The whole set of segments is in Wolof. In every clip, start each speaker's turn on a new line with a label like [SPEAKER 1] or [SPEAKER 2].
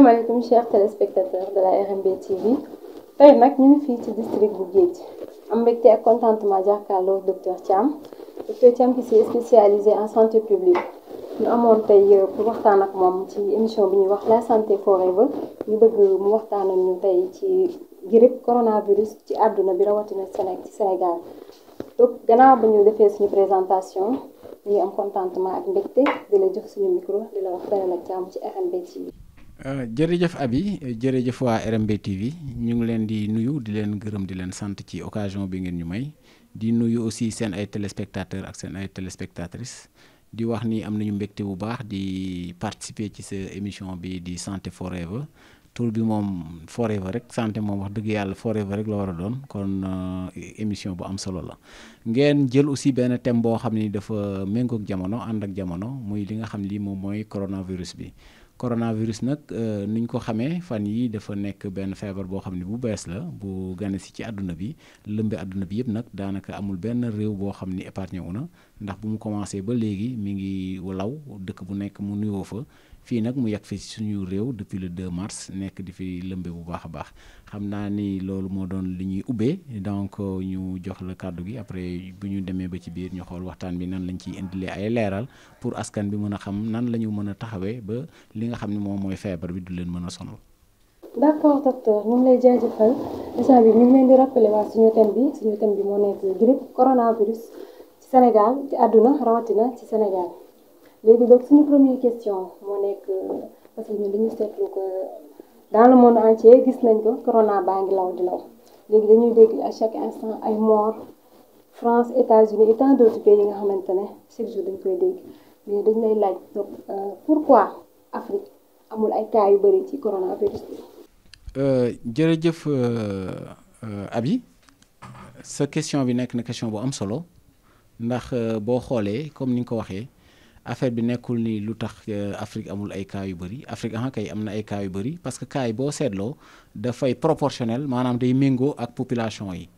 [SPEAKER 1] asalaamaaleykum chers téléspectateurs de la RMB TV tey nag ñu ngi fii ci district bu Géej am mbégte ak contentement le docteur Thiam docteur Thiam qui s'est spécialisé en santé publique ñu avons payé euh, pour waxtaan ak moom ci émission bi ñuy wax la santé forever ñu bëgg mu waxtaanal ñu tey ci grippe coronavirus ci àdduna bi rawatina ci Sénégal donc gannaaw ba ñu defee suñu présentation ñu suis am contentement ak mbégte di la jox suñu micro di la wax dalal ak jàmm ci RMB
[SPEAKER 2] TV. Euh, jërëjëf Aby jërëjëf waa RMB TV ñu ngi leen di nuyu di leen gërëm di leen sant ci occasion bi ngeen ñu may di nuyu aussi seen ay téléspectateurs ak seen ay téléspectatrices di wax ni am nañu mbégte bu baax di participer ci sa émission bi di santé forever tour bi moom forever rek santé moom wax dëgg yàlla forever rek la war a doon kon euh, émission bu am solo la ngeen jël aussi benn thème boo xam ni dafa méngoog jamono ànd ak jamono muy li nga xam lii moom mooy coronavirus bi. coronavirus nag euh, ni ñu ko xamee fan yi dafa nekk benn feebar boo xam ne bu bees la bu gane si ci àdduna bi lëmbe àdduna bi yëpp nag daanaka amul benn réew boo xam ni épargné wu na ndax bu mu commencé ba léegi mi ngi law dëkk bu nekk mu nuyoo fa fii nag mu yàgg fi suñu réew depuis le 2 mars nekk di fi lëmbe bu baax a baax xam naa ni loolu moo doon li ñuy ubbee donc euh, ñu jox la kàddu gi après bu ñu demee ba ci biir ñu xool waxtaan bi nan lañ ciy indilee ay leeral pour askan bi mën a xam nan la ñu mën a taxawee ba li nga xam ne moom mooy feebar bi du leen mën a sonal.
[SPEAKER 1] d' accord docteur ñu ngi lay jaajëfal instant bi ñu ngi leen di rappeler waa suñu thème bi suñu thème bi moo nekk grippe coronavirus ci Sénégal ci àdduna rawatina ci Sénégal. léegi donc suñu première question moo nekk parce que ñun dañu seetlu que dans le monde entier gis nañ ko corona baa ngi law di law léegi dañuy dégg à chaque instant ay mort France États-Unis et tant d'autres pays yi nga xamantene chaque jour dañ koy dégg mais dañ lay laaj donc euh, pourquoi Afrique amul ay cas yu bari ci coronavirus bi.
[SPEAKER 2] Euh, jërëjëf euh, Abi sa question bi nek na question bu am solo ndax bo xolé comme ni nga ko affaire bi nekkul ni lu tax euh, Afrique amul ay cas yu bëri Afrique ah kay am na ay cas yu bëri parce que cas yi boo seetloo dafay proportionnel maanaam day méngoo ak population yi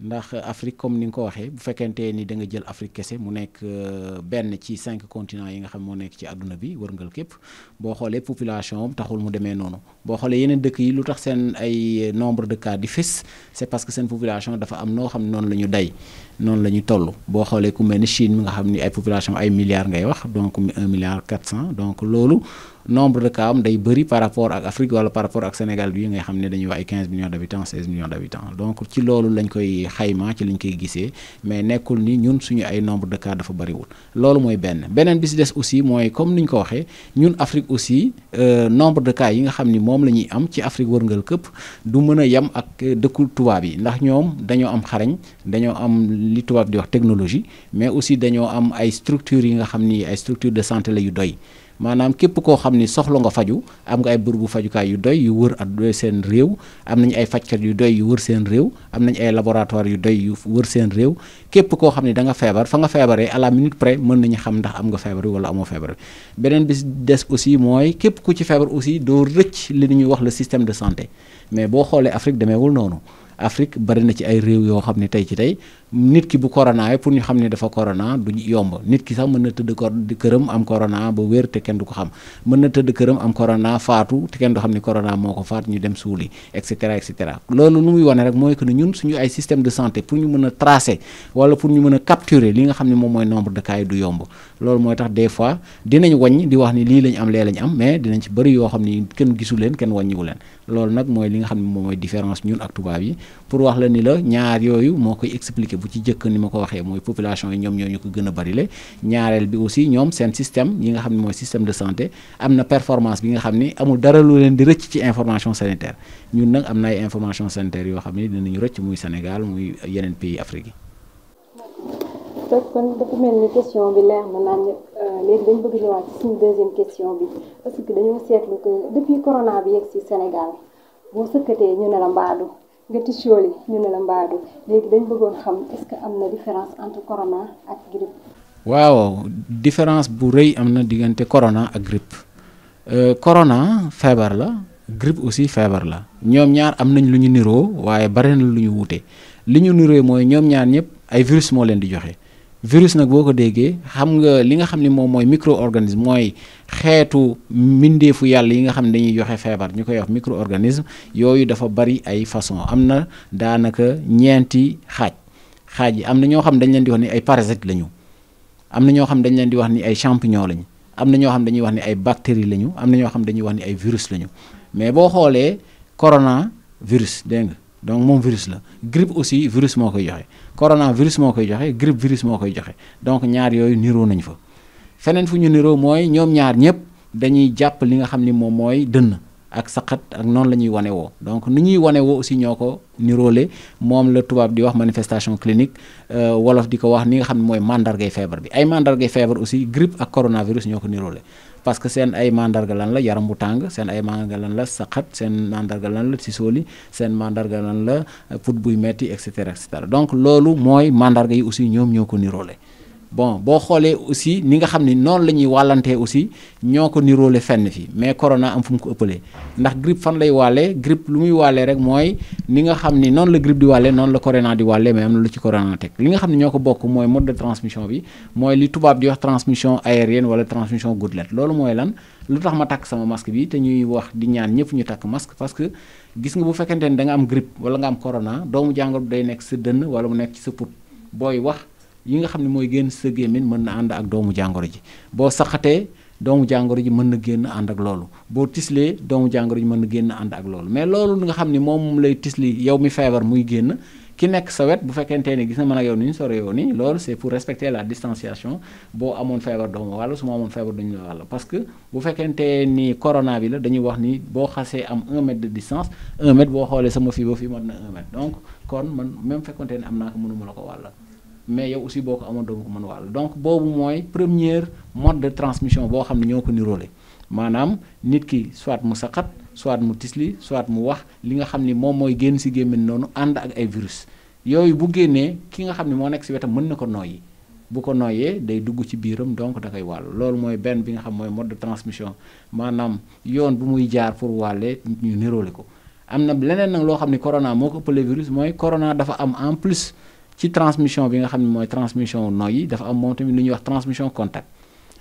[SPEAKER 2] ndax Afrique comme ni nga ko waxee bu fekkente ni da nga jël Afrique kese mu nekk euh, benn ci cinq continents yi nga xam moo nekk ci àdduna bi wërngal képp boo xoolee population taxul mu demee noonu boo xoolee yeneen dëkk yi lu tax seen ay euh, nombre de cas di c'est parce que seen population dafa am noo xam noonu la ñu day noonu la ñu toll boo xoolee ku mel ni Chine mi nga xam ni ay population ay milliards ngay wax donc un milliard quatre cent donc loolu nombre de cas am day bëri par rapport ak Afrique wala par rapport ak Sénégal bi nga xam dañuy wax ay 15 millions d'habitants 16 millions d'habitants donc ci lolu lañ koy xayma ci lañ koy gissé mais nekkul ni ñun suñu ay nombre de cas dafa bëriwul loolu mooy benn beneen bi si dess aussi moy comme niñ ko waxé ñun Afrique aussi euh, nombre de cas yi nga xamni mom lañuy am ci Afrique wërngël këpp du mëna yam ak dëkku tubaab bi ndax ñom dañoo am xarañ dañoo am li tubaab di wax technologie mais aussi dañoo am ay structures yi nga xamni ay structures de santé la yu doy maanaam képp koo xam ni soxla nga faju am nga ay bërëbu fajukaay yu doy yu wër at seen réew am nañu ay fajkat yu doy yu wër seen réew am nañu ay laboratoire yu doy yu wër seen réew képp koo xam ni da nga feebar fa nga feebaree à la minute près mën nañu xam ndax am nga feebar bi wala amoo feebar bi beneen bi des aussi mooy képp ku ci feebar aussi doo rëcc li ñuy wax le système de santé mais boo xoolee Afrique demeewul noonu Afrique bari na ci ay réew yoo xam ne tey ci tey nit ki bu corona yi pour ñu xam ne dafa corona du yomb nit ki sax mën na tëdd ko këram am corona ba wér te kenn du ko xam mën na tëdd këram am corona faatu te kenn du xam ne corona moo ñu dem suuli et cetera et cetera loolu nu muy wane rek mooy ñun suñu ay système de santé pour ñu a tracer wala pour ñu mën li nga xam ne moom mooy nombre de du yomb loolu mooy tax des fois dinañ wàññi di wax ni lii lañ am lee lañ am mais dinañ ci bëri yoo xam ni kenn gisu leen kenn wàññiwu leen loolu nag mooy li nga xam ne moom mooy différence ñun ak tubaab yi pour wax la ni la ñaar yooyu moo koy expliquer bu ci jëkk ni ma ko waxee mooy population yi ñoom ñoo ñu ko gën a barile ñaareel bi aussi ñoom seen système yi nga xam ne mooy système de santé am na performance bi nga xam ni amul dara lu leen di rëcc ci information sanitaire ñun nag am na ay information sanitaire yoo xam ne dinañu rëcc muy Sénégal muy yeneen pays Afrique yi.
[SPEAKER 1] donc kon dafa mel ni question bi leer na naan euh, léegi dañ bëgg ñëwaat ci suñu deuxième question bi parce que dañoo seetlu que depuis corona bi yegg si Sénégal boo sëkkatee ñu ne la mbaadu. nga tisooli ñu ne la mbaadu léegi dañ bëggoon xam est que am na différence entre corona ak grippe.
[SPEAKER 2] waaw différence bu rëy am na diggante corona ak grippe euh, corona feebar la grippe aussi feebar la ñoom ñaar am nañ lu ñu niroo waaye bare na lu ñu wuute li ñu niroo mooy ñoom ñaar ñëpp ay virus moo leen di joxe. virus nag boo ko déggee xam nga li nga xam ne moom mooy micro-organisme mooy xeetu mbindeefu yàlla yi nga xam ne dañuy joxe feebar ñu koy wax micro-organisme yooyu dafa bari ay façon am na daanaka ñeenti xaaj xaaj yi am na ñoo xam dañ leen di wax ni ay parasites lañu am na ñoo xam dañ leen di wax ni ay champignon lañu am na ñoo xam dañuy wax ni ay bactéries lañu am na ñoo xam dañuy wax ni ay virus lañu mais boo xoolee corona virus dégg nga donc moom virus la grippe aussi virus moo koy joxe corona virus moo koy joxe grip virus moo koy joxe donc ñaar yooyu niroo nañ fa feneen fu ñu niro mooy ñoom ñaar ñëpp dañuy jàpp li nga xam ni moom mooy dënn ak saqat ak noonu la ñuy wane woo donc ni ñuy wane woo aussi ñoo ko niroole moom la tubaab di wax manifestation clinique euh, wolof di ko wax ni nga xam ne mooy mandargay feebar bi ay mandargay feebar aussi grip ak coronavirus ñoo ko niroole parce que seen ay mandarga lan la yaram bu tàng seen ay mandarga lan la saqat seen mandarga lan la tisóoli seen màndarga lan la put buy metti et cetera donc loolu mooy mandarga yi aussi ñoom ñoo ko niroole bon boo xoolee aussi ni nga xam ne noonu la ñuy wàllantee aussi ñoo ko niroole fenn fi mais corona am fu mu ko ëppalee ndax grippe fan lay wàllee grippe lu muy wàllee rek mooy ni nga xam ni noonu la grippe di wàllee noonu la corona di wàllee lu ci corona teg nga xam ne ñoo ko bokk mooy mode de bi mooy li tubaab di wax transmission aérienne wala transmission gouttelette loolu mooy lan lu tax ma takk sama masque bi te ñuy wax di ñaan ñëpp ñu takk masque parce que gis nga bu fekkente ni da am grippe wala nga am korona doomu jàngoro bi day nekk sa dënn wala mu nekk ci sa put booy wax yi nga xam ne mooy génn sa gémmiñ mën na ànd ak doomu jàngoro ji boo saxatee doomu jàngoro ji mën na génn ànd ak loolu boo tislee doomu jàngoro ji mën na génn ànd ak loolu mais loolu nga xam ni moom lay tisli yow mi feebar muy génn ki nekk sa wet bu fekkente ne gis na mën ak yow ni ñu sore yow ni loolu c'est pour respecter la distanciation boo amoon feebar doomu wàll su ma amoon feebar duñu wàlla parce que bu fekkente ni corona bi la dañuy wax ni boo xasee am 1 mètre de distance boo xoolee sama fii fii mën na 1 donc kon man même fekkente ne am naa ko la ko wàll mais yow aussi a aussi beaucoup de ko donc bobu premier mode de transmission bo xamni ñoko ñoo manam nit ki soit mu soit mu tisli soit mu wax li nga ni moy si nonu and ak virus yoy bu de ki nga xamni ne nek ci si mën na ko bu ko noyé day dugg ci biram donc da kay wal lool moy ben bi nga xam mode de transmission manam yoon bu muy jaar pour walé ñu niroole ko am leneen nak corona moko corona dafa am en plus ci transmission bi nga xam transmission noyyi dafa am moom lu transmission contact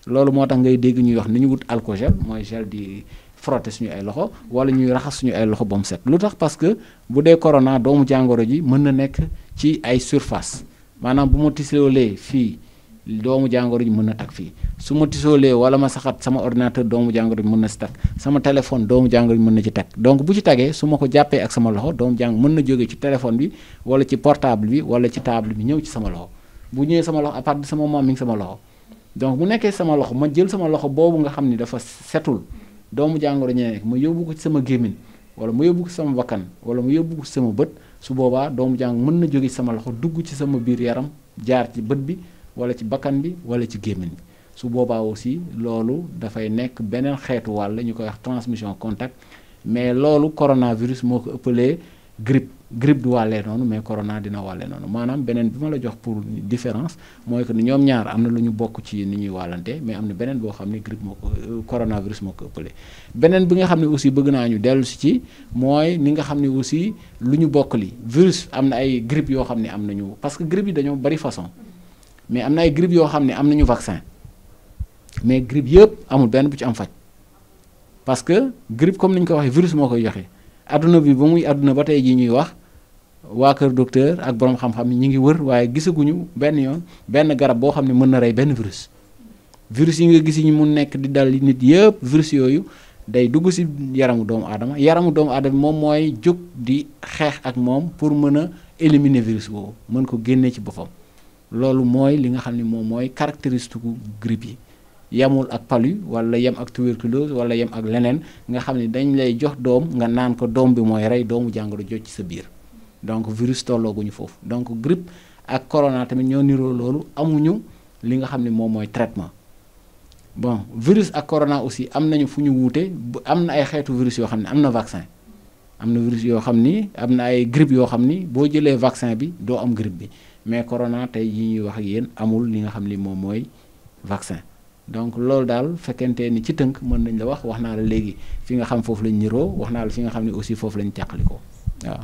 [SPEAKER 2] loolu moo ngay dégg ñuy wax ni ñu wut alcogel mooy gel di suñu ay loxo wala ñuy raxas suñu ay loxo parce que bu corona doomu jangoro ji mën na ci ay surface maanaam bu ma doomu jangoro ji mën na tag fii su ma tisoolee wala ma saxat sama ordinateur doomu jangoro ji mën na sama téléphone doomu jangoro ji mën na ci tag donc bu ci tagee su ma ko ak sama loxo doomu jàng mën na ci téléphone bi wala ci portable bi wala ci table bi ñëw ci sama loxo bu ñëwee sama loxo apart partir de ce moment mi ngi sama loxo donc bu nekkee sama loxo ma jël sama loxo boobu nga xam ni dafa setul doomu jangoro ñee nekk ma yóbbu ko ci sama wala ma yóbbu ko sama bakkan wala ma yóbbu ko sama bët su boobaa doomu jàng mën na jóge sama loxo dugg ci sama biir yaram jaar ci bët bi wala ci bakkan bi wala ci gémmiñ bi su boobaa aussi loolu dafay nekk beneen xeetu wàll ñu koy wax transmission contact mais loolu coronavirus moo ko ëppalee grippe grippe du wàllee noonu mais corona dina wàllee noonu maanaam beneen bi ma la jox pour différence mooy que ni ñoom ñaar am na lu ñu bokk ci ni ñuy wàllante mais am na beneen boo xam ne grippe moo ko euh, coronavirus moo ko ëppale beneen bi nga xam ne aussi bëgg naa ñu dellu si ci mooy ni nga xam ne aussi lu ñu bokk li virus am na ay grippe yoo xam ne am nañu parce que grippe yi dañoo bari façon mais am na ay grippe yoo xam ne am nañu vaccin mais grippe yëpp amul benn bu ci am faj parce que grippe comme ni koy waxee virus moo koy joxe adduna bi ba muy adduna ba tey jii ñuy wax waa kër docteur ak borom xam-xam ñi ngi wër waaye gisaguñu benn yoon benn garab boo xam ne mën na rey benn virus. virus yi nga gis ñu mu nekk di dal nit yëpp virus yooyu day dugg ci yaramu doomu aadama yaramu doomu aadama moom mooy jóg di xeex ak moom pour mën a éliminer virus boobu mën ko génne ci boppam. loolu mooy li nga xam ni moom mooy caractéristique gu grippe yi yemul ak palu wala yem ak tuberculose wala yem ak leneen nga xam ne dañ lay jox doom nga naan ko doom bi mooy rey doomu jàngoro jot ci sa biir donc virus tollooguñu foofu donc grippe ak corona tamit ñoo niroo loolu amuñu li nga xam ne moom mooy traitement bon virus ak corona aussi am nañu fu ñu wuute am na ay xeetu virus yoo xam ne am na vaccin am na virus yoo xam ni am na ay grippe yoo xam ni boo jëlee vaccin bi doo am grippe bi mais corona tey yi ñuy wax ak yéen amul li nga xam ni moom mooy vaccin donc loolu daal fekkente ni ci tënk mën nañ la wax wax naa la léegi fi nga xam foofu lañ niroo wax naa la fi nga xam ne aussi foofu lañ càqalikoo waaw.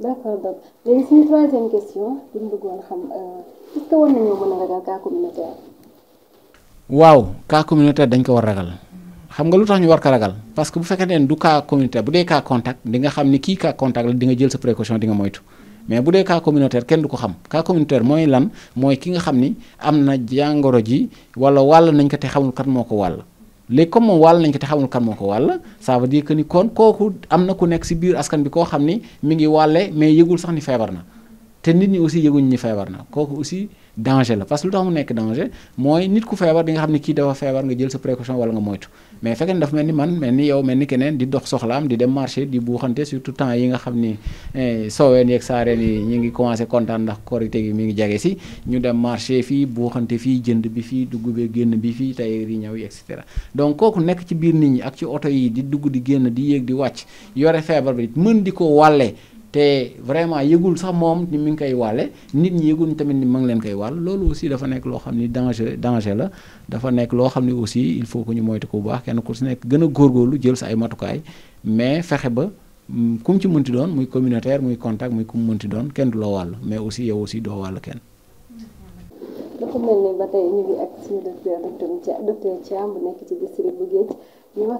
[SPEAKER 1] d'accord donc léegi suñu li ñu euh, war nañoo a ragal cas communautaire.
[SPEAKER 2] waaw cas communautaire dañ ko war ragal xam nga lu tax ñu war ko ragal parce que bu fekkente ne du cas communautaire bu dee cas contact di nga xam ni kii cas contact la di nga jël sa précaution di nga moytu. mais bu dee cas communautaire kenn du ko xam cas communautaire mooy lan mooy ki nga xam ni am na jàngoro ji wala wàll nañ ko te xamul kat moo ko wàll léegi comme moom wàll nañ ko te xamul kat moo ko wàll ça veut dire que ni kon kooku am na ku nekk si biir askan bi koo xam ni mi ngi wàlle mais yëgul sax ni feebar na te nit ñi aussi yëguñ ñi feebar na kooku aussi danger la parce que lu tax mu nekk danger mooy nit ku feebar di nga xam ne kii dafa feebar nga jël sa précaution wala nga moytu mais fekkee ne dafa mel ni man mel ni yow mel ni keneen di dox soxlaam di dem marché di buuxante surtout temps yi nga xam ni eh, sooween yeeg saareen yi ñu ngi commencé kontaan ndax korité gi mi ngi jege si ñu dem marché fii buuxante fii jënd bi fii dugg bi génn bi fii tey yi ñëw yi et cetera donc kooku nekk ci biir nit ñi ak ci oto yi di dugg di génn di yéeg di wàcc yore feebar bi mën di ko wàllee té vraiment yegul sax mom ni mi ngi kay walé nit ñi yegul tamit ni ma ngi leen kay wal lolu aussi dafa nek lo xamni danger danger la dafa nek lo xamni aussi il faut ko ñu moytu ko bu baax kenn ku si nekk gën a góorgóorlu jël sa ay matukaay mais fexé ba mm, kum mu ci mënti doon muy communautaire muy contact muy kum mu mënti doon kenn du loo wàll mais aussi yow aussi do wal kenn.
[SPEAKER 1] dafa mel ni ba tey ñu ngi ak suñu docteur docteur Thiam bu nekk ci district bu Géej. ñu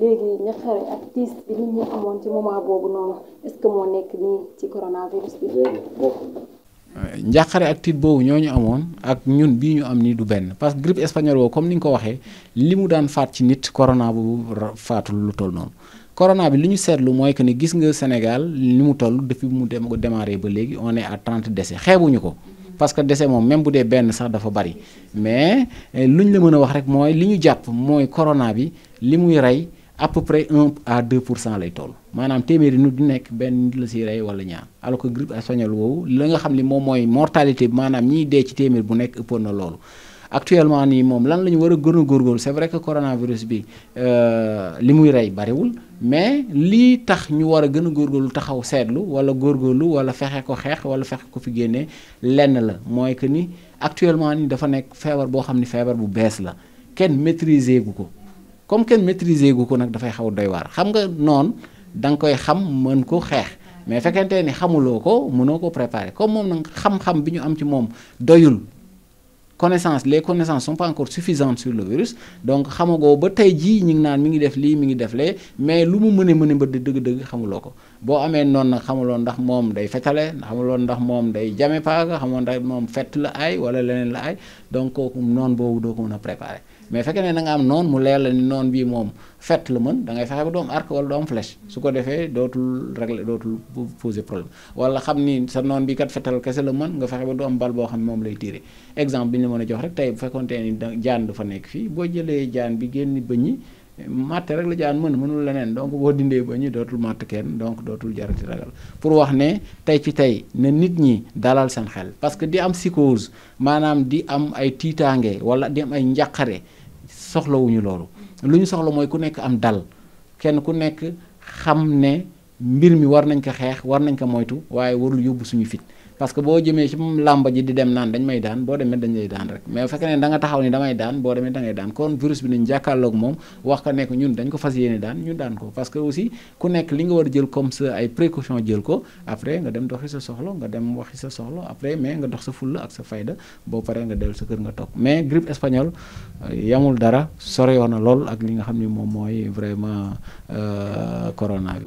[SPEAKER 1] léegi donc euh, ak tiis bi nit ñi amoon ci moment boobu noonu est-ce que moo nekk nii ci coronavirus bi. Euh,
[SPEAKER 2] njàqare ak tiit boobu ñoo ñu amoon ak ñun bii ñu am nii du benn parce que grippe espagnole comme ni nga ko waxee li mu daan faat ci nit corona bu faatul lu toll noonu corona bi li ñu seetlu mooy que ni gis nga Sénégal li mu toll defi mu dem ko démarré ba léegi on est à 30 décès xeebuñu ko parce que décès moom même bu dee benn sax dafa bari mais eh, lu ñu la mën a wax rek mooy li ñu jàpp mooy corona bi li muy rey à peu à 2 pour cent lay toll maanaam téeméeri nit du nekk benn nit la siy wala ñaar alors que woowu la nga xam ni moom mooy mortalité bi maanaam ñiy dee ci téeméer bu nekk ëppoon na loolu. actuellement nii moom lan la ñu war a gën a góorgóorlu c'est vrai que coronavirus bi euh, li muy rey bariwul. mais lii tax ñu war a gën a góorgóorlu taxaw seetlu wala góorgóorlu wala fexe ko xeex wala fexe ko fi génne lenn la mooy que ni actuellement ni dafa nekk feebar boo xam ni feebar bu bees la kenn maîtriser gu ko comme kenn maîtriser gu ko nag dafay xaw doy waar xam nga noonu da nga koy xam mën ko xeex mais fekkente ni xamuloo ko mënoo ko préparer comme moom nag xam-xam bi ñu am ci moom doyul connaissance les connaissances sont pas encore suffisantes sur le virus donc xamagoo ba tey jii ñu ngi naan mi ngi def lii mi ngi def lee mais lu mu mëne mëne ba dëgg-dëgg xamuloo ko boo amee noonu nag ndax mom day fetale xamuloo ndax mom day jame paaga xamuloo ndax mom fett la ay wala leneen la ay donc kooku noonu boobu doo ko mën préparer mais fekkee na nga am non mu leer la ni non bi mom fet le man da ngay fexé ba doom arc wala doom flèche su ko défé dotul régler dotul poser problème wala xam ni sa non bi kat fetal kese le man nga fexé ba doom am bal bo xam mom lay tiire exemple biñu mëna jox rek tay bu fekkonté ni jaan fa nek fi bo jëlé jaan bi génn bëñ yi matt rek la jaan mën mënul leneen donc bo dindé bañi dotul dootul kenn donc dotul jarati ragal pour wax né tay ci tay né nit ñi dalal seen xel parce que di am psychose manam di am ay titangé wala di am ay njaqaré soxlawuñu loolu lu ñu soxla mooy ku nekk am dal kenn ku nekk xam ne mbir mi war nañ ko xeex war nañ ko moytu waaye warul yóbbu suñu fit parce que boo jëmee ci lamba ji di dem naan dañ may daan boo demee dañ lay daan rek mais bu fekkee ne da nga taxaw ni damay daan boo demee da ngay daan kon virus bi nañ jàkkaarloog moom wax ko nekk ñun dañ ko fas yéene daan ñu daan ko parce que aussi ku nekk li nga war a jël comme ça ay précaution jël ko après nga dem doxi sa soxla nga dem waxi sa soxla après mais nga dox sa ful ak sa fayda boo paree nga del sa kër nga toog mais grippe espagnole euh, yamul dara soreyoo na lool ak li nga xam ni moom mooy vraiment euh, corona bi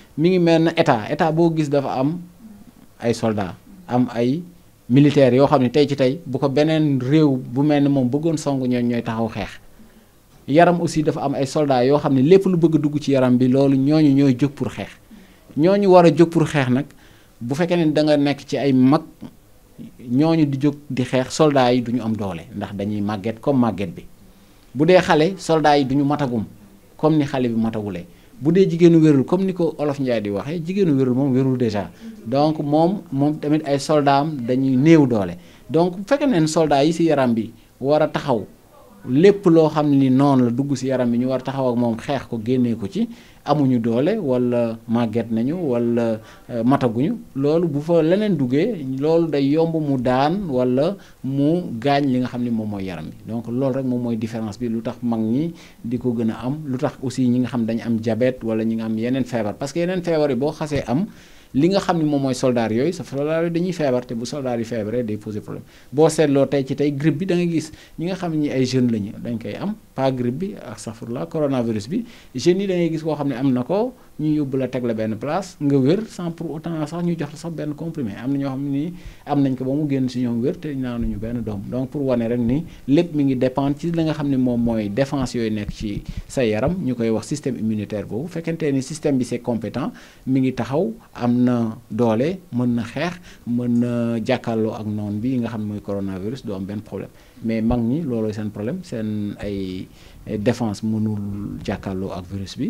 [SPEAKER 2] mi ngi mel na état état boo gis dafa am ay soldats am ay militaires yoo xam ne tey ci tey bu ko beneen réew bu mel ni moom bëggoon song ñoom ñooy taxaw xeex yaram aussi dafa am ay soldaa yoo xam ne lépp lu bëgg dugg ci yaram bi loolu ñoo ñu ñooy jóg pour xeex ñoo ñu war a jóg pour xeex nag bu fekkee ne da nga nekk ci ay mag ñooñu di jóg di xeex soldaa yi du ñu am doole ndax dañuy màgget comme màgget bi bu dee xale soldats yi duñu matagum comme ni xale bi matagulee bu dee jigéenu wérul comme ni ko olof Njaay di waxee jigéenu wérul moom wérul déjà donc moom moom tamit ay soldaam dañuy néew doole donc bu fekkee ne soldaa yi ci yaram bi war a taxaw lépp loo xam ni noonu la dugg ci yaram bi ñu war a taxaw ak moom xeex ko génnee ko ci amuñu doole wala màgget nañu wala euh, mataguñu loolu bu fa leneen duggee loolu day yomb mu daan wala mu gaañ li nga xam ni moom mooy yaram bi donc loolu rek moom mooy différence bi lu tax mag ñi di ko gën a am lu tax aussi ñi nga xam dañu am jabet wala ñi nga am yeneen feebar parce que yeneen feebar yi boo xasee am li nga xam ne moom mooy soldaar yooyu sa soldaar yooyu dañuy feebar te bu soldaar yi feebaree day poser problème boo seetloo tey ci tey grippe bi da nga gis ñi nga xam ni ay jeunes lañu dañ koy am pas grippe bi ak safurla coronavirus bi jeunes yi da gis koo xam ne am na ko. ñu yóbbu la teg la benn place nga wér sans pour autant sax ñu jox la sax benn comprimé am na ñoo xam ni am nañ ko ba mu génn si ñoom wér te naanuñu benn doom donc pour wane rek ni lépp mi ngi dépendre ci li nga xam ne moom mooy défense yooyu nekk ci say yaram ñu koy wax système immunitaire boobu fekkente ni système bi c'est compétent mi ngi taxaw am na doole mën na xeex mën na jàkkaarloo ak noon bi nga xam ne mooy coronavirus du am benn problème mais mag ñi loolooy seen problème seen ay défense mënul jàkkaarloo ak virus bi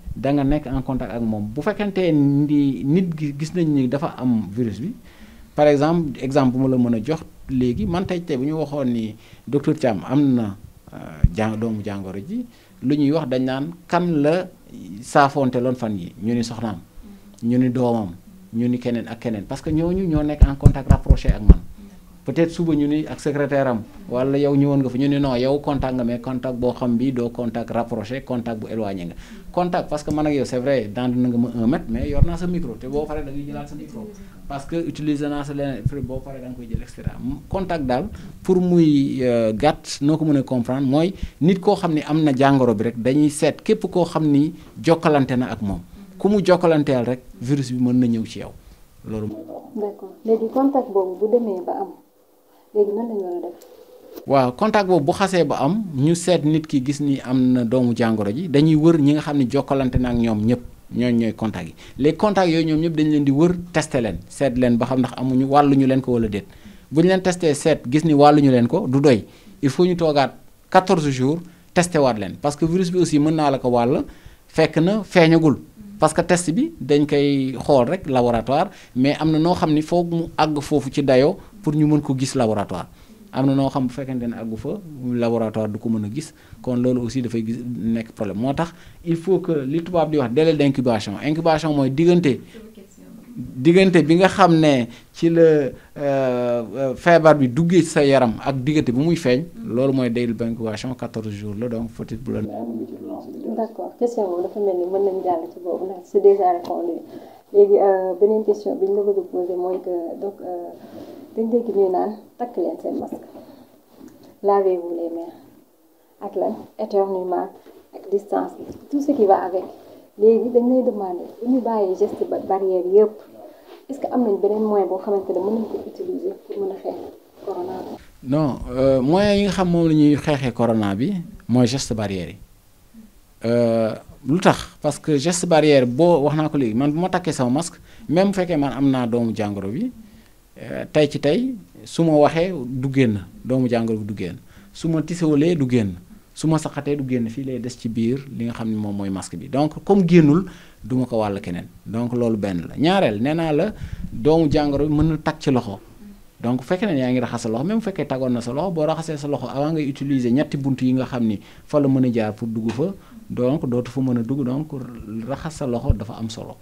[SPEAKER 2] da nga nekk en contact ak moom bu fekkente ni nit gi gis nañ ni dafa am virus bi par exemple exemple bu ma la mën a jox léegi man tey tey bu ñu waxoon ni docteur Thiam am na euh, jàng doomu jàngoro ji lu ñuy wax dañ naan kan la saafonte loon fan yi ñu ni soxnaam ñu ni doomam ñu ni keneen ak keneen parce que ñooñu ñoo nekk en contact rapproché ak man peut-être suba ñu ni ak secrétaire am wala yow ñëwoon nga fa ñu ni non yow contact nga mais contact boo xam bi doo contact rapproché contact bu éloigné nga contact parce que man ak yow c'est vrai daan na nga ma un mais yor naa sa micro te boo paree da ngay jëlaat sa micro parce que utiliser naa sa leneen boo paree da koy jël et contact daal pour muy euh, gàtt noo ko mën a comprendre mooy nit koo xam ni am na jàngoro bi rek dañuy seet képp koo xam ni jokkalante na ak moom ku mu jokkalanteel rek virus bi mën na ñëw ci yow loolu. waaw contact boobu bu xasee ba am ñu seet nit ki gis ni am na doomu jàngoro ji dañuy wër ñi nga xam ne jokkalante na ak ñoom ñëpp ñooñ ñooy contact yi les contacts yooyu ñoom ñëpp dañu leen di wër testé leen seet leen ba xam ndax amuñu wàllu ñu leen ko wala déet bu ñu leen testé seet gis ni wàllu ñu leen ko du doy il faut ñu toogaat 14 jours testé waat leen parce que virus bi aussi mën naa la ko wàll fekk na feeñagul parce que test bi dañ koy xool rek laboratoire mais am na noo xam ni foog àgg foofu ci dayoo pour ñu mën ko gis laboratoire am na xam bu fekkente ne àggu fa laboratoire du ko mën a gis kon loolu aussi dafay gis nekk problème moo tax il faut que li tubaab di wax délai d'incubation incubation mooy diggante diggante bi nga xam ne ci la euh, euh, feebar bi duggee sa yaram ak diggante bu muy feeñ. loolu mooy délai d'incubation 14 jours la donc peut être bu la. d'accord
[SPEAKER 1] question boobu dafa mel ni mën nañ jàll ci boobu ndax c'est déjà répondu léegi euh, beneen question bi ñu la bëgg a poser mooy que donc dañ dégg ñuy naan takk leen seen masque lavez-vous les mains ak lan éternuement ak distance bi tout ce qui va avec léegi dañ lay demander bu ñu bàyyi geste barrière yépp est-ce que am nañ beneen moyen boo xamante ne mën nañ ko utiliser pour mën a xeex corona bi.
[SPEAKER 2] non euh, moyen yi nga xam moom la ñuy xeexee corona bi mooy geste barrière yi. Euh, lu tax parce que geste barrière boo wax naa ko léegi man bu ma takkee sama masque même bu fekkee man am naa doomu jàngoro bi Euh, tey ci tey su ma waxee du génn doomu jàngoro bi du génn su ma tisawalee du génn su ma saxatee du génn fii lay des ci biir li nga xam ne moom mooy masque bi donc comme génnul du ma ko wàll keneen donc loolu benn la ñaareel nee naa la doomu jàngoro bi mën na tag ci loxo donc fekkee ne yaa ngi raxas sa loxo même mu fekkee tagoon na sa loxo boo raxasee sa loxo avant ngay utiliser ñetti bunt yi nga xam ni fa la mën a jaar pour dugg fa donc dootu fa mën a dugg donc raxas sa loxo dafa am solo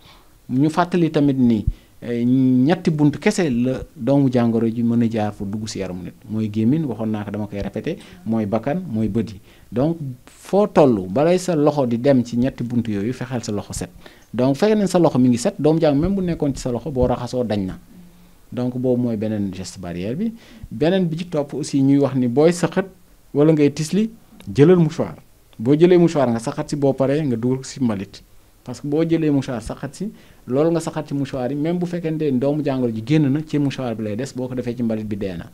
[SPEAKER 2] ñetti bunt kese la doomu jàngoro ji mën a jaar foo dugg si yaramu nit mooy gémmiñ waxoon naa ko dama koy répété mooy bakkan mooy bët yi donc foo tollu balay sa loxo di dem ci ñetti bunt yooyu fexeel sa loxo set donc fexe ne sa loxo mi ngi set doomu jàng même bu nekkoon ci sa loxo boo raxasoo dañ na donc boobu mooy beneen geste barrière bi beneen bi ci topp aussi ñuy wax ni booy saxat wala ngay tisli jëlal mouchoir boo jëlee mouchoir nga saxat si boo paree nga dugal si mbalit parce que boo jëlee mouchoir saxat si loolu nga saxaat ci mouchoir yi même bu fekkente ni doomu jàngoro ji génn na ci mouchoir bi lay des boo ko defee ci mbalit bi dee na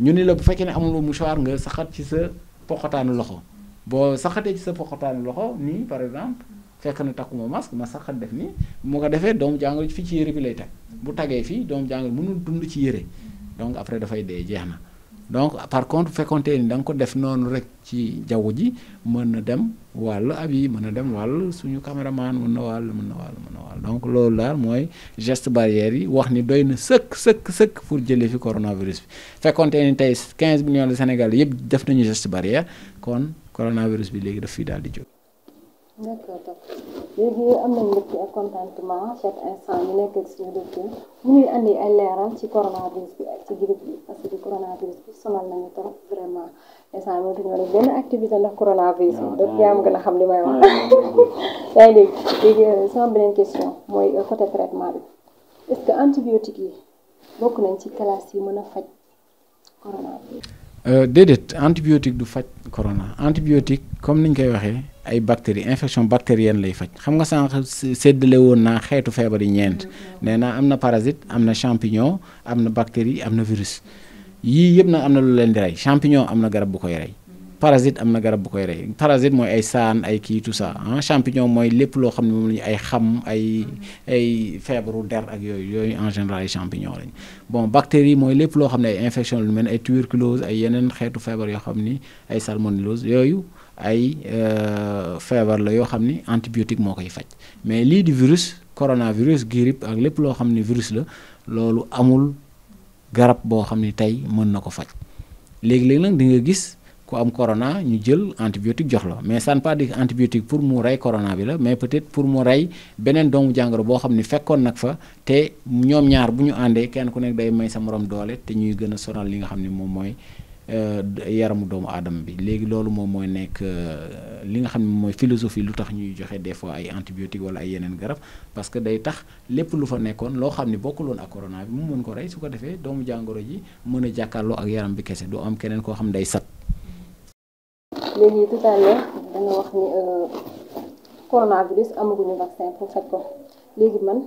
[SPEAKER 2] ñu ni la bu fekkee ne amuloo mouchoir nga saxaat ci sa poqotaanu loxo boo saxatee ci sa poqotaanu loxo nii par exemple fekk na takkuma masque ma saxat def nii mu ko defee doomu jàngoro ji fii ci yére bi lay teg bu tagee fii doomu jàngoro mënul dund ci yére donc après dafay dee jeex na donc par contre fekkonte ni da ko def non rek ci jawu ji mën na dem Wal abi yi mën na dem wàll suñu cameraman mën na wàll mën na wàll mën na donc lool daal moy geste barrière yi wax ni doyna seuk seuk seuk pour jëlee fi coronavirus bi fekkonte ni 15 millions de Sénégalais yëpp def nañu geste barrière kon coronavirus bi légui daf fi dal di jóg.
[SPEAKER 1] d'accord donc léegi am nañu mbégte ak contentement chaque instant ñu nekk ak suñu docteur mu ñuy andi ay leeral ci coronavirus bi ak ci grippe bi parce que coronavirus bi sonal nañu trop vraiment instant moo benn activité ndax coronavirus bi ah, donc yaa am ah, gën a xam li may wax ah, euh, sama beneen question mooy euh, côté traitement bi est que antibiotiques yi bokk nañ ci classe yi mën a faj coronavirus.
[SPEAKER 2] Euh, déedéet antibiotique du faj corona antibiotique comme niñ koy waxee. ay bactéries infection bactérienne lay faj xam nga sank séddale woon naa xeetu feebar yi ñeent nee naa am na parasite am na champignon am na bactérie am na virus yii yëpp nag am na lu leen di rey champignon am na garab bu koy rey parasite am na garab bu koy rey parasite mooy ay saan ay kii tout ça ah champignon mooy lépp loo xam ne moom la ay xam ay ay feebaru der ak yooyu yooyu en général ay champignon lañ bon bactéries mooy lépp loo xam ne ay infection lu mel ay tuberculose ay yeneen xeetu feebar yoo xam ni ay salmonellose yooyu ay euh, feebar la yoo xam ni antibiotique moo koy faj mais lii di virus coronavirus grippe ak lépp loo xam ni virus la loolu amul garab boo xam ni tey mën na ko faj léegi-léegi nag di nga gis ku am corona ñu jël antibiotique jox la mais ça ne pas pour mu rey corona bi la mais peut-être pour mu rey beneen doomu jàngoro boo xam ni fekkoon nag fa te ñoom ñaar bu ñu àndee kenn ku nekk day may sa morom doole te ñuy gën a sonal li nga xam ni moom mooy Euh, yaramu doomu aadama bi léegi loolu moom mooy nekk euh, li nga xam ne mooy philosophie lu tax ñuy joxe des fois ay antibiotiques wala ay yeneen garab parce que day tax lépp lu fa nekkoon loo xam ne bokkul woon ak corona bi mu mën ko rey su ko defee doomu jàngoro ji mën a jàkkaarloo ak yaram bi kese du am keneen ko xam day sat.
[SPEAKER 1] léegi tout à nga wax ni euh, coronavirus amaguñu ko léegi man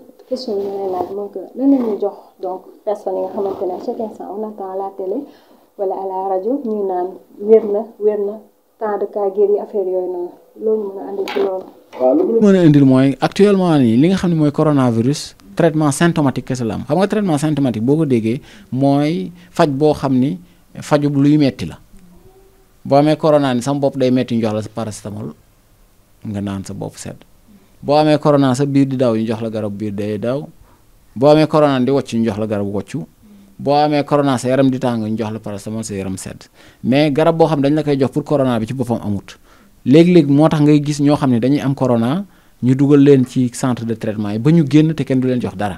[SPEAKER 1] jox donc personne yi nga xamante ne chaque instant on attend la télé. wala à la rajo ñuy naan wér na wér na tant de cas guéri affaire yooyu noonu loolu mën a andi ci loolu.
[SPEAKER 2] waaw lu mu mën a indil mooy actuellement nii li nga xam ne mooy coronavirus traitement symptomatique kese la am xam nga traitement symptomatique boo ko déggee mooy faj boo xam ni fajub luy metti la boo amee corona ni sam bopp day metti ñu jox la sa nga naan sa bopp sedd boo amee corona sa biir di daw ñu jox la garab biir day daw boo amee corona di wocc ñu jox la garab boo amee corona sa yaram di tàng ñu jox la paracétamol sa yaram sedd mais garab boo xam ne dañ la koy jox pour corona bi ci boppam amut léegi-léegi moo tax ngay gis ñoo xam ne dañuy am corona ñu dugal leen ci centre de traitement yi ba ñu génn te kenn du leen jox dara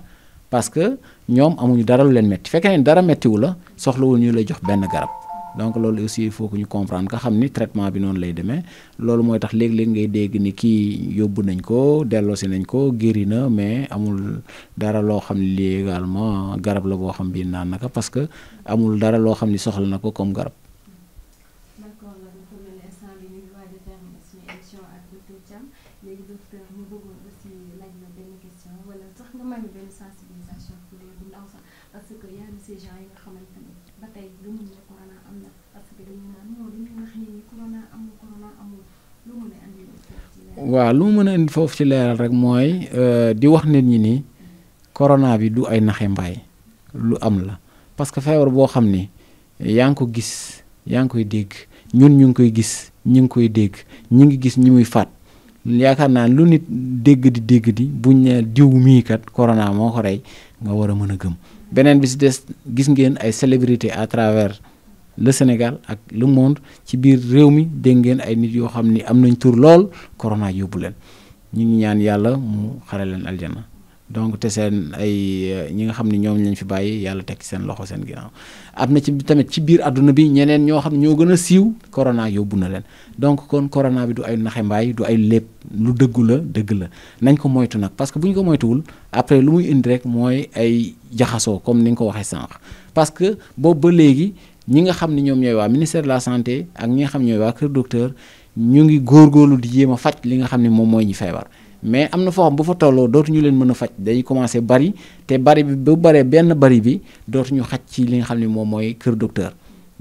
[SPEAKER 2] parce que ñoom amuñu dara lu leen métti fekkee ne dara méttiwu la soxlawul ñu lay jox benn garab donc loolu aussi il faut ñu comprendre nga xam ni traitement bi noonu lay demee loolu mooy tax léegi léeg ngay dégg ni kii yóbbu nañ ko delloosi nañ ko géri na mais amul dara loo xam ne lii garab la boo xam bii naan naka parce que amul dara loo xam ni soxla na ko comme garab. benn lu waaw lu mu mën a indi foofu ci leeral rek mooy euh, di wax nit ñi ni corona bi du ay naxe mbaay lu am la parce que feebar boo xam ni yaa ngi ko gis yaa ngi koy dégg ñun ñu ngi koy gis ñu ngi koy dégg ñu ngi gis ñu muy faat. yaakaar naa lu nit dégg di dégg di buñ ne diw mii kat corona moo ko rey nga war a mën a gëm beneen bi si des gis ngeen ay célébrité à travers le Sénégal ak lu monde ci biir réew mi dégg ngeen ay nit yoo xam ni am nañ tur lool corona yóbbu leen ñu ngi ñaan yàlla mu xare leen aljana donc te seen ay euh, ñi nga xam ne ñoom lañ fi bàyyi yàlla teg seen loxo seen ginnaaw am na ci tamit ci biir àdduna bi ñeneen ñoo xam ne ñoo gën a siiw corona yóbbu na leen donc kon corona bi du ay naxe du ay lépp lu dëggu la dëgg la nañ ko moytu nag parce que bu ñu ko moytuwul après lu muy indi rek mooy ay jaxasoo comme ni nga ko waxee sànq parce que boobu ba léegi ñi nga xam ne ñoom ñooy waa ministère la santé ak ñi nga xam ne ñooy waa kër docteur ñu ngi góor góorgóorlu di jéem a faj li nga xam ne moom mooy ñi feebar mais am na foo bu fa tolloo dootuñu leen mën a faj day commencé bari te bari bi bu bare benn bari bi dootuñu xaj ci li nga xam ne moom mooy kër docteur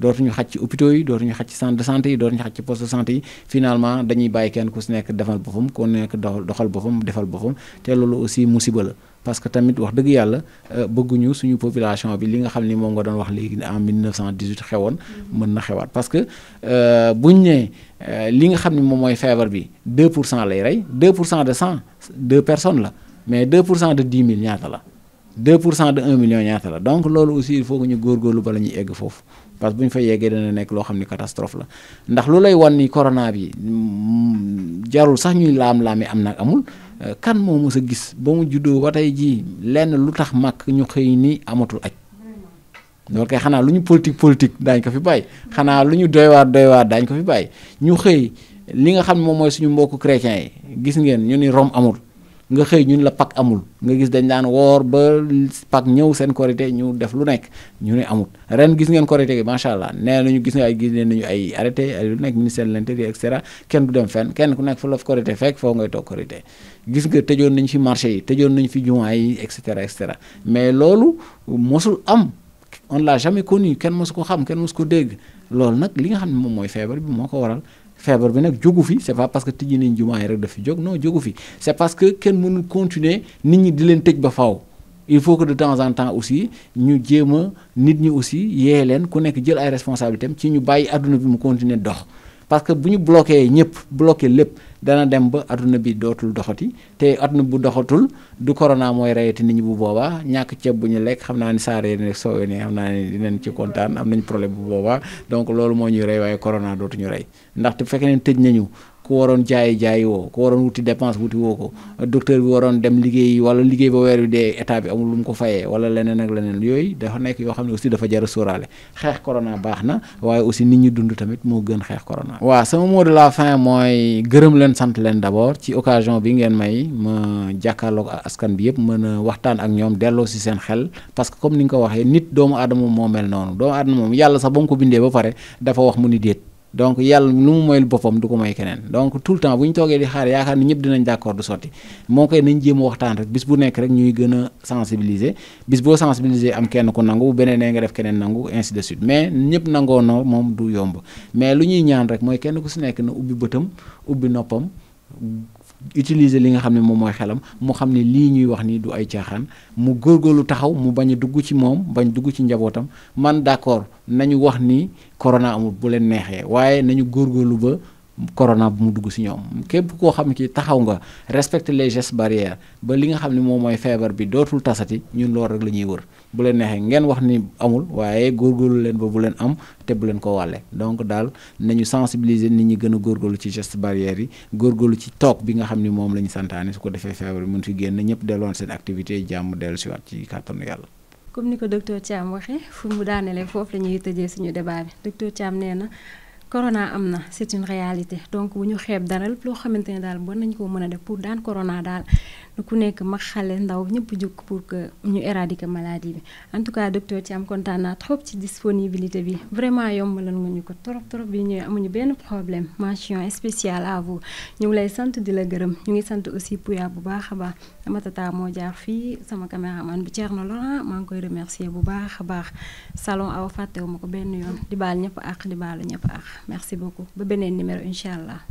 [SPEAKER 2] dootuñu xaj ci hôpitaux yi dootuñu xaj ci centre de santé yi dootuñu xaj ci poste de santé yi finalement dañuy bàyyi kenn ku si nekk defal boppam ku nekk doxal boppam defal boppam te loolu aussi musiba la parce que tamit wax dëgg yàlla euh, bëgguñu suñu population bi li nga xam ni moom nga doon wax léegi en 1918 xewoon mm-hmm. mën na xewaat parce que euh, buñ ne euh, li nga xam ni moom mooy feebar bi 2 pour cent lay rey 2 pour cent de 100 2 personnes la mais 2 pour cent de 10 000 ñaata la. deux pour cent de 1 million ñaata la donc loolu aussi il faut que ñu góorgóorlu bala ñu egg foofu parce que bu ñu fa yeggee dana nekk loo xam ni catastrophe la ndax lu lay wan ni corona bi mm, jarul sax ñuy laam-laami am nag amul euh, kan moom mës a gis ba mu juddoo ba tey jii lenn lu tax màkk ñu xëy ni amatul ak loolu xanaa lu ñu politique politique daañ ko fi bàyyi xanaa lu ñu doywaar doywaar daañ ko fi bàyyi ñu xëy li nga xam moom mooy suñu mbokku chrétiens yi gis ngeen ñu ni Rome amul nga xëy ñun la pak amul nga gis dañ daan woor ba pak ñëw seen korite ñu def lu nekk ñu ne amul ren gis ngeen korite gi macha allah nee nañu gis nga ay gis nañu ay arrêté ay lu nekk ministère de l'intérieur et cetera kenn du dem fenn kenn ku nekk fu la korite fekk foo ngay toog korite gis nga tëjoon nañ fi marché yi tëjoon nañu fi jumaa yi et cetera et mais loolu mosul am on l'a jamais connu kenn mosu ko xam kenn mosu ko dégg loolu nag li nga xam ne moom mooy feebar bi moo ko waral feebar c'est pas parce que tijji nañ jumaa rek non c'est parce que continuer nit ñi di il faut que de temps en temps aussi nous jéem aussi leen ku responsabilités continuer parce que bu ñu bloqué bloqué dana dem ba adduna bi dootul doxati te adduna bu doxatul du corona mooy rayati nit ñi bu booba ñàkk ceeb bu ñu lekk xam naa ni saaree ne soowee ne xam naa ne dinañ ci kontaan am nañ problème bu boobaa donc loolu moo ñuy rey waaye corona dootuñu rey ndaxte bu fekkee ne tëj nañu ku waroon jaayi jaayi woo ku waroon wuti dépense wuti woo ko docteur bi waroon dem liggéey wala liggéey ba weer bi dee état bi amul lu mu ko fayee wala leneen ak leneen yooyu dafa nekk yoo xam ne aussi dafa jar a sóoraale xeex corona baax na waaye aussi nit ñi dund tamit moo gën xeex corona. waaw sama mot de la fin mooy gërëm leen sant leen d' abord ci occasion bi ngeen may ma jàkkaarloog askan bi yëpp mën a waxtaan ak ñoom delloo si seen xel donc yàlla lu mu moyul boppam du ko moy keneen donc tout le temps bu ñu toogee di xaar yaakaar ni ñëpp dinañ d'accord du sotti moo koy nañ jéem a waxtaan rek bis bu nekk rek ñuy gën a sensibiliser bis boo sensibiliser am kenn ku nangu beneen nee nga def keneen nangu ainsi de suite mais ñëpp nangoo noo moom du yomb mais lu ñuy ñaan rek mooy kenn ku si nekk na ubbi bëtam ubbi noppam utiliser li nga xam ne moom mooy xelam mu xam ne lii ñuy wax ni du ay caaxaan mu góorgóorlu taxaw mu bañ a dugg ci moom bañ dugg ci njabootam man d'accord nañu wax ni corona amut bu leen neexee waaye nañu góorgóorlu ba corona bu mu dugg si ñoom képp koo xam ne ki taxaw nga respecter les gestes barrières ba li nga xam ne moom mooy feebar bi dootul tasati ñun loolu rek la ñuy wër bu leen neexee ngeen wax ni amul waaye góorgóorlu leen ba bu leen am te bu leen ko wàlle donc daal nañu sensibiliser nit ñi gën a góorgóorlu ci gestes barrières yi góorgóorlu ci toog bi nga xam ni moom la ñu santaane su ko defee feebar bi mën si génn ñëpp delluwaat seen activité jàmm dellu si waat ci kàttanu yàlla.
[SPEAKER 1] la ñuy corona am c'est une réalité donc bu ñu xeeb daral loo xamante ne daal war nañ mën a def pour dans corona daal ku nekk mag xale ndaw ñëpp jóg pour que ñu éradiquer maladie bi en tout cas docteur Thiam kontaan naa trop ci disponibilité bi vraiment yombalal nga ñu ko trop trop bi ñëwee amuñu benn problème mention spéciale à vous ñu ngi lay sant di la gërëm ñu ngi sant aussi Pouya bu baax a baax sama tata moo jaar fii sama caméraman bi Thierno Laurent maa ngi koy remercier bu baax a baax salon aw fàttewuma ko benn yoon di baal ñëpp ak di baalu ñëpp ak merci beaucoup ba beneen numéro incha allah.